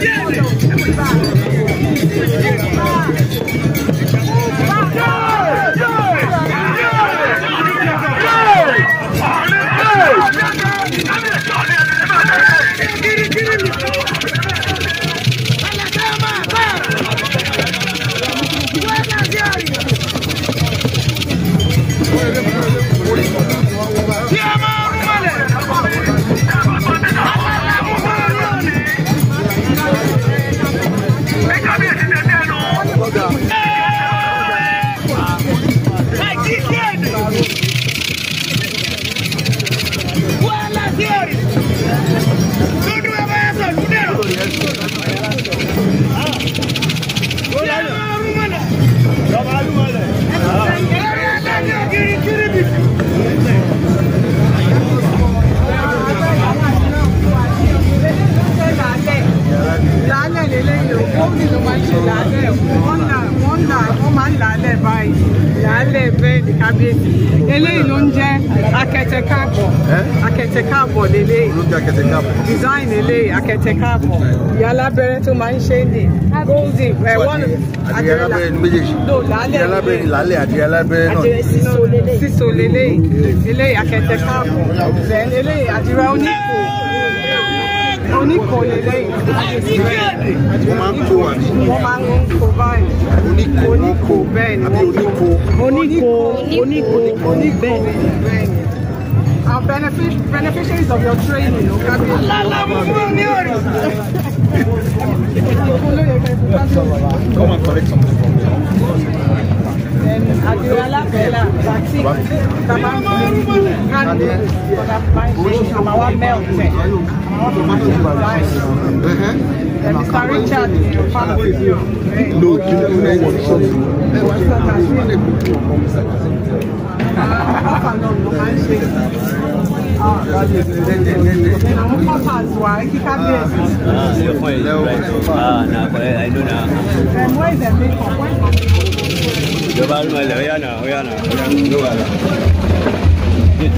Get it! Gracias. reverend kábíyèsí eléyìí ló ń jẹ́ akẹtẹ káàbọ̀ akẹtẹ káàbọ̀ lélẹ́yìí design eléyìí akẹtẹ káàbọ̀ ìyá alábẹ́rẹ́ tó máa ń ṣe ní golden ẹ̀wọ́n eh, adìyẹ alábẹ́rẹ́ ní méjèèjì lò lálẹ́ alábẹ́rẹ́ lálẹ́ adìyẹ alábẹ́rẹ́ náà sísọ lélẹ́yìí eléyìí akẹtẹ káàbọ̀ eléyìí àdìrẹ oníkò oníkò lélẹ́yìí wọ́n máa ń kó wà ní. wọ́n máa ń kó bá oníko bẹ́ẹ̀ ni wọ́n kó oníko oníko oníko bẹ́ẹ̀ ni. Our benefit, beneficiaries of your training. Lala Mufunori! Come and collect some àdìrẹ alábẹ́là vaccine tàbá ń fi kánú ọ̀dà pàṣẹ àmàwá mẹ́ọ̀tẹ̀ àmàwá pàṣẹ pàṣẹ ẹ̀mísà Richard family yóò rẹ̀ ìwọ̀n Ah, no, ah, I know now. And where is the makeup? Sabahal mo, ayan o, ayan o,